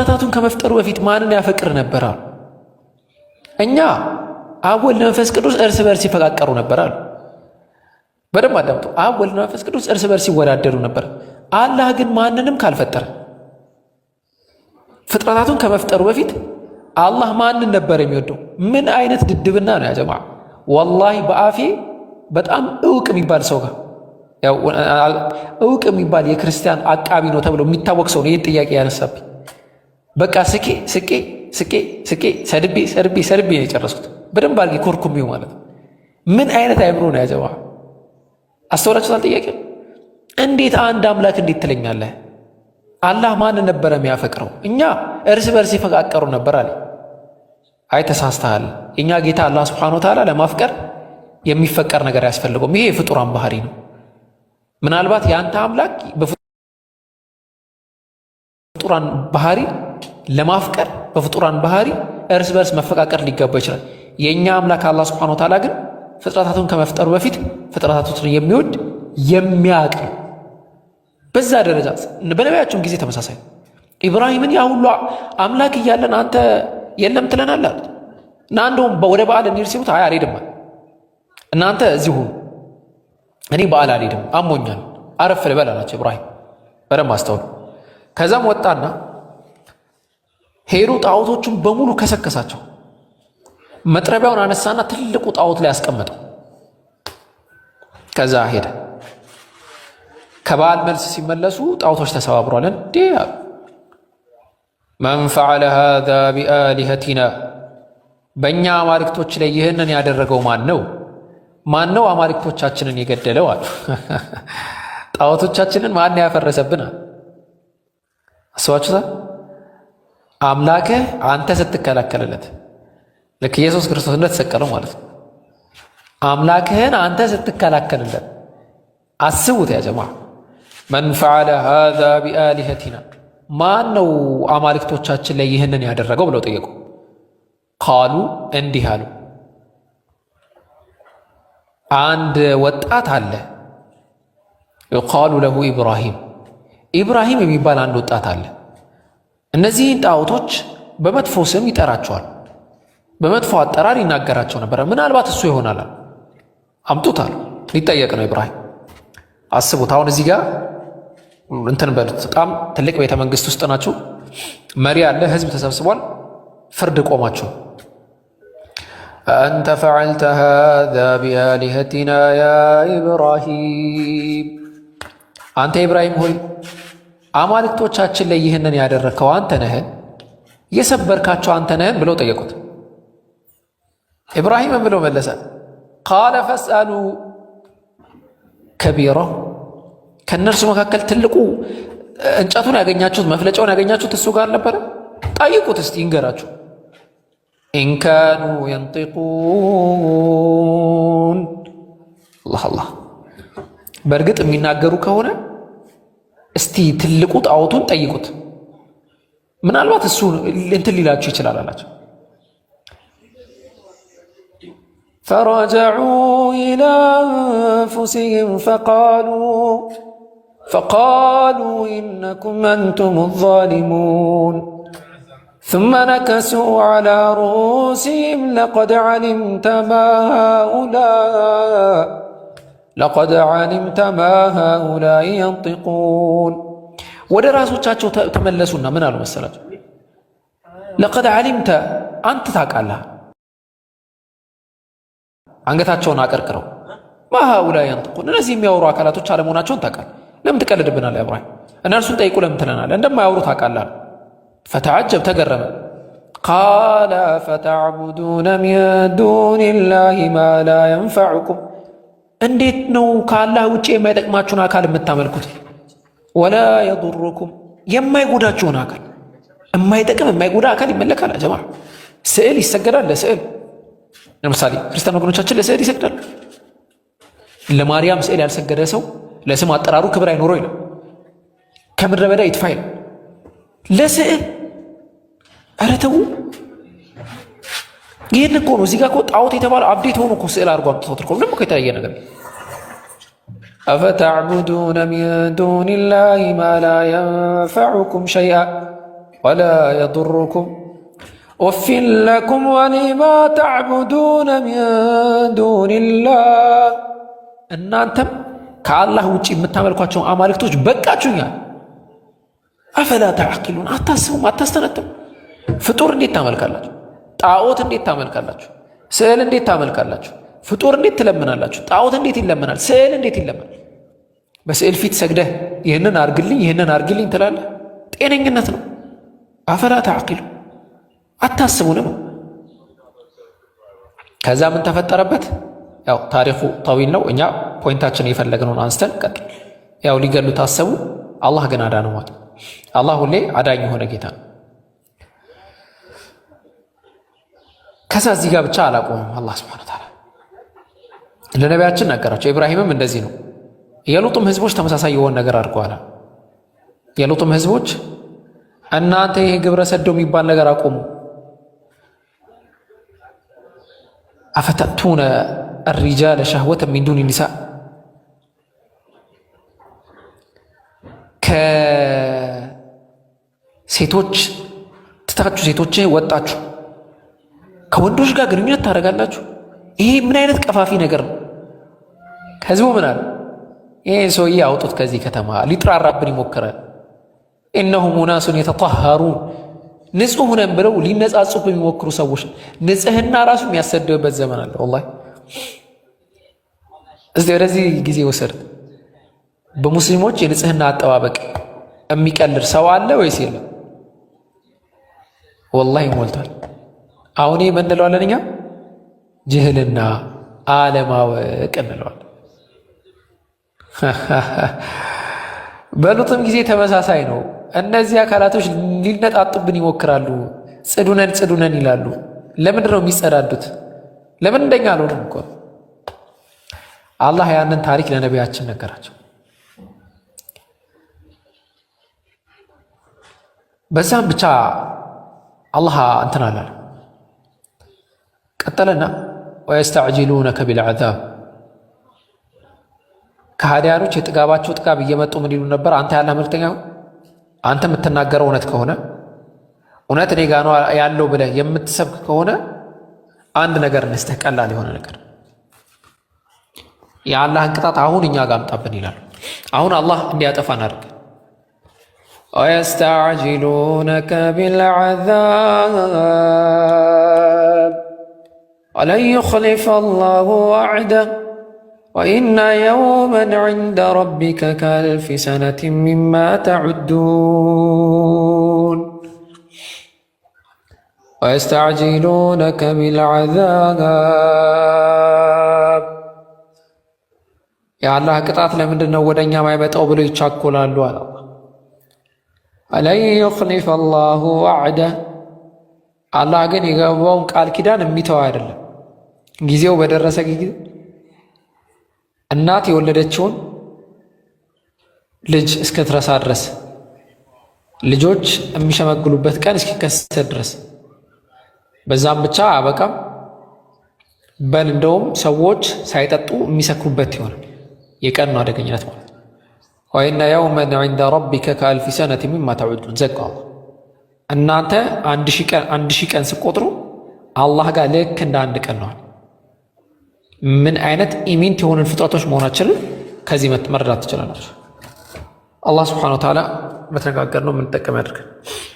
ፍጥረታቱን ከመፍጠሩ በፊት ማንን ያፈቅር ነበር አሉ። እኛ አብ ወልድ መንፈስ ቅዱስ እርስ በርስ ይፈቃቀሩ ነበር አሉ። በደንብ አዳምጡ። አብ ወልድ መንፈስ ቅዱስ እርስ በርስ ይወዳደሩ ነበር። አላህ ግን ማንንም ካልፈጠረ ፍጥረታቱን ከመፍጠሩ በፊት አላህ ማንን ነበር የሚወደው? ምን አይነት ድድብና ነው ያጀማ! ወላሂ በአፌ በጣም እውቅ የሚባል ሰው ጋር እውቅ የሚባል የክርስቲያን አቃቢ ነው ተብሎ የሚታወቅ ሰው ነው ይህን ጥያቄ ያነሳብኝ። በቃ ስቄ ስቄ ስቄ ስቄ ሰድቤ ሰድቤ ሰድቤ ነው የጨረስኩት። በደንብ አድርጌ ኮርኩሚው ማለት ነው። ምን አይነት አይምሮ ነው ያዘው? አስተውላችሁታል? ጥያቄ? እንዴት አንድ አምላክ እንዴት ትለኛለህ? አላህ ማን ነበረ የሚያፈቅረው? እኛ እርስ በርስ ይፈቃቀሩ ነበር አለ። አይ ተሳስተሃል። እኛ ጌታ አላህ ስብሓን ወተዓላ ለማፍቀር የሚፈቀር ነገር አያስፈልገውም። ይሄ የፍጡራን ባህሪ ነው። ምናልባት የአንተ አምላክ በፍጡራን ባህሪ ለማፍቀር በፍጡራን ባህሪ እርስ በርስ መፈቃቀር ሊገባ ይችላል። የእኛ አምላክ አላህ ሱብሓነሁ ወተዓላ ግን ፍጥረታቱን ከመፍጠሩ በፊት ፍጥረታቱን የሚወድ የሚያቅ በዛ ደረጃ በነቢያቸውም ጊዜ ተመሳሳይ ኢብራሂምን ያ ሁሉ አምላክ እያለን አንተ የለም ትለናል አሉት እና እንደውም ወደ በዓል እንሂድ ሲሉት አይ አልሄድም እናንተ እዚህ ሁኑ እኔ በዓል አልሄድም አሞኛል አረፍ ልበል አላቸው። ኢብራሂም በደንብ አስተውሉ። ከዛም ወጣና ሄዱ ጣዖቶቹን በሙሉ ከሰከሳቸው። መጥረቢያውን አነሳና ትልቁ ጣዖት ላይ አስቀመጠው። ከዛ ሄደ። ከበዓል መልስ ሲመለሱ ጣዖቶች ተሰባብሯል። እንዴ መን ፈዓለ ሃዛ ቢአሊሀቲና በእኛ አማልክቶች ላይ ይህንን ያደረገው ማን ነው? ማን ነው አማልክቶቻችንን የገደለው አሉ። ጣዖቶቻችንን ማን ያፈረሰብን? አስባችሁታል? አምላክ አንተ ስትከላከልለት ልክ ኢየሱስ ክርስቶስ እንደተሰቀለው ማለት ነው። አምላክህን አንተ ስትከላከልለት አስቡት። ያ ጀማ መን ፈዓለ ሃዛ ቢአሊሀቲና ማን ነው አማልክቶቻችን ላይ ይህንን ያደረገው ብለው ጠየቁ። ቃሉ እንዲህ አሉ፣ አንድ ወጣት አለ ዩቃሉ ለሁ ኢብራሂም ኢብራሂም የሚባል አንድ ወጣት አለ። እነዚህን ጣዖቶች በመጥፎ ስም ይጠራቸዋል። በመጥፎ አጠራር ይናገራቸው ነበረ። ምናልባት እሱ ይሆናል አምጡታል። ሊጠየቅ ነው ኢብራሂም። አስቡት። አሁን እዚህ ጋር እንትን በሉት፣ በጣም ትልቅ ቤተ መንግስት ውስጥ ናችሁ። መሪ አለ፣ ህዝብ ተሰብስቧል፣ ፍርድ ቆማችሁ አንተ ፈዐልተ ሃዛ ቢአሊሀቲና ያ ኢብራሂም፣ አንተ ኢብራሂም ሆይ አማልክቶቻችን ላይ ይህንን ያደረግከው አንተ ነህን? የሰበርካቸው አንተ ነህን? ብለው ጠየቁት። ኢብራሂምን ብለው መለሰ፣ ቃለ ፈስአሉ ከቢራ ከእነርሱ መካከል ትልቁ እንጨቱን ያገኛችሁት መፍለጫውን ያገኛችሁት እሱ ጋር ነበረ። ጠይቁት እስቲ ይንገራችሁ። ኢንካኑ የንጢቁን አላህ አላህ፣ በእርግጥ የሚናገሩ ከሆነ እስቲ ትልቁ ጣዖቱን ጠይቁት፣ ምናልባት እሱ እንትን ሊላችሁ ይችላል አላቸው። ፈረጀዑ ኢላ አንፉሲሂም ፈቃሉ ኢነኩም አንቱም ዛሊሙን ثم نكسوا على رؤوسهم لقد علمت ما هؤلاء ለቀድ ዓሊምተ ማ ሃኡላይ የንጢቁን። ወደ ራሶቻቸው ተመለሱና ምን አሉ መሰላቸው? ለቀድ ዓሊምተ አንተ ታውቃለህ። አንገታቸውን አቀርቅረው ማ ሃኡላይ የንጢቁን፣ እነዚህ የሚያወሩ አካላቶች አለመሆናቸውን ታውቃለህ። ለምን ትቀልድብናለህ ኢብራሂም? እነርሱን ጠይቁ ለምን ትለናለህ? እንደማያወሩ ታውቃለህ። ፈተዓጀብ ተገረመ። ቃለ አፈተዕቡዱነ ሚን ዱኒ ላሂ ማ ላ የንፈዕኩም እንዴት ነው ከአላህ ውጭ የማይጠቅማችሁን አካል የምታመልኩት? ወላ የዱሩኩም የማይጎዳችሁን አካል የማይጠቅም የማይጎዳ አካል ይመለካል። ጀማ ስዕል ይሰገዳል። ለስዕል ለምሳሌ ክርስቲያን ወገኖቻችን ለስዕል ይሰግዳል። ለማርያም ስዕል ያልሰገደ ሰው ለስም አጠራሩ ክብር አይኖረው ይላል። ከምድረ በዳ ይጥፋ ይላል። ለስዕል ኧረ ተው ይህን እኮ ነው። እዚህ ጋር እኮ ጣዖት የተባለ አብዴት ሆኖ እኮ ስዕል አድርጎ አምጥቶት እኮ ምንም የተለየ ነገር أفتعبدون من دون الله ما لا ينفعكم شيئا ولا يضركم أف لكم ولما تعبدون من دون الله እናንተም ከአላህ ውጭ የምታመልኳቸውን አማልክቶች በቃችሁኛል። አፈላ ተዓቂሉን አታስቡም፣ አታስተነትም። ፍጡር እንዴት ታመልካላችሁ? ጣዖት እንዴት ታመልካላችሁ? ስዕል እንዴት ታመልካላችሁ? ፍጡር እንዴት ትለምናላችሁ? ጣዖት እንዴት ይለመናል? ስዕል እንዴት ይለመናል? በስዕል ፊት ሰግደህ ይህንን አርግልኝ ይህንን አርግልኝ ትላለህ። ጤነኝነት ነው? አፈላ ተዓቂሉ አታስቡንም? ከዛ ምን ተፈጠረበት? ያው ታሪኩ ጠዊል ነው። እኛ ፖይንታችን የፈለግነውን አንስተን ቀጥል። ያው ሊገሉ ታሰቡ፣ አላህ ግን አዳነሟት። አላህ ሁሌ አዳኝ የሆነ ጌታ ነው። ከዛ እዚህ ጋር ብቻ አላቆሙም። አላህ ስብሐነ ወተዓላ ለነቢያችን ነገራቸው። ኢብራሂምም እንደዚህ ነው። የሉጥም ህዝቦች ተመሳሳይ የሆን ነገር አድርገዋል። የሉጥም ህዝቦች እናንተ ይሄ ግብረ ሰዶ የሚባል ነገር አቆሙ። አፈተቱነ አሪጃለ ሸህወተ ሚንዱን ኒሳ ከሴቶች ትታችሁ ሴቶች ወጣችሁ ከወንዶች ጋር ግንኙነት ታደርጋላችሁ? ይሄ ምን አይነት ቀፋፊ ነገር ነው? ከዚሁ ምን አለ? ይሄ ሰውዬ አውጡት ከዚህ ከተማ። ሊጥራራብን ይሞክራል። እነሁም ሙናሱን የተጠሃሩን ንጹህ ነን ብለው ሊነጻጽፉ የሚሞክሩ ሰዎች ንጽህና ራሱ የሚያሰደብበት ዘመን አለ። ወላሂ እዚ ወደዚህ ጊዜ ወሰድ በሙስሊሞች የንጽህና አጠባበቅ የሚቀልድ ሰው አለ ወይስ የለም? ወላሂ ሞልቷል። አሁን ምን እንለዋለን እኛ? ጅህልና አለማወቅ እንለዋለን። በሉጥም ጊዜ ተመሳሳይ ነው። እነዚህ አካላቶች ሊነጣጡብን ይሞክራሉ። ጽዱነን ጽዱነን ይላሉ። ለምንድን ነው የሚጸዳዱት? ለምን እንደኛ አልሆኑም እኮ። አላህ ያንን ታሪክ ለነቢያችን ነገራቸው። በዛም ብቻ አላህ እንትን አላለም። ቀጠለና ወየስተዕጂሉነከ ቢልዓዛብ ከሃዲያኖች የጥጋባቸው ጥጋብ እየመጡ ምን ይሉ ነበር? አንተ ያለ መልክተኛ አንተ የምትናገረው እውነት ከሆነ እውነት እኔ ጋ ነው ያለው ብለህ የምትሰብክ ከሆነ አንድ ነገር እንስተህ ቀላል የሆነ ነገር የአላህን ቅጣት አሁን እኛ ጋር አምጣብን ይላሉ። አሁን አላህ እንዲያጠፋ እናደርግ። ወየስተዕጂሉነከ ቢልዓዛብ ولن يخلف الله وعده وإن يوما عند ربك كألف سنة مما تعدون ويستعجلونك بالعذاب يا الله قطعت لمن يا ما يبت أبلي تشكل الله ألن يخلف الله وعده الله قال يقول قال كدان ميتوا ጊዜው በደረሰ ጊዜ እናት የወለደችውን ልጅ እስክትረሳ ድረስ ልጆች የሚሸመግሉበት ቀን እስኪከሰት ድረስ በዛም ብቻ አበቃም በል እንደውም ሰዎች ሳይጠጡ የሚሰክሩበት ይሆናል። የቀኑ አደገኝነት ማለት ነው። የውመን ዒንደ ረቢከ ከአልፊ ሰነት የሚማ ተዑዱን ዘቀው እናንተ አንድ ሺህ ቀን ስቆጥሩ አላህ ጋር ልክ እንደ አንድ ቀን ነዋል። ምን አይነት ኢሚንት የሆንን ፍጥረቶች መሆናችንን ከዚህ መረዳት ትችላላችሁ። አላህ ስብሐነሁ ወተዓላ በተነጋገርነው የምንጠቀም ያድርገን።